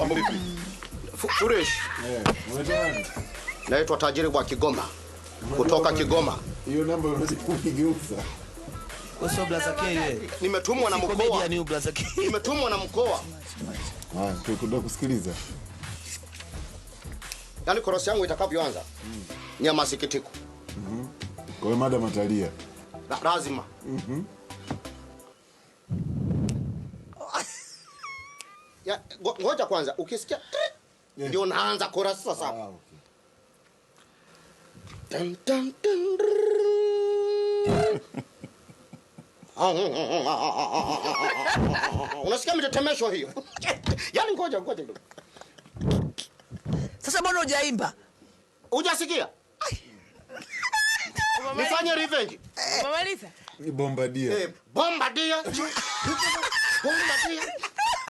Mambo vipi? Suresh. Eh, Naitwa tajiri wa Kigoma. Kutoka Kigoma. Hiyo namba unaweza kuigeuza. Usio blaza yeye. Nimetumwa na mkoa. Nimetumwa na mkoa. Haya, tukuda kusikiliza. Yaani korosi yangu itakavyoanza. Mm. Ni ya Mhm. Mm Kwa hiyo madam atalia. Lazima. Mhm. Mm ya, ngoja kwanza ukisikia ndio yeah. unaanza chorus sasa ah, okay. dun, dun, dun, unasikia mitetemesho hiyo yani ngoja ngoja sasa mbona hujaimba hujasikia nifanye revenge bombardia eh, bombardia eh,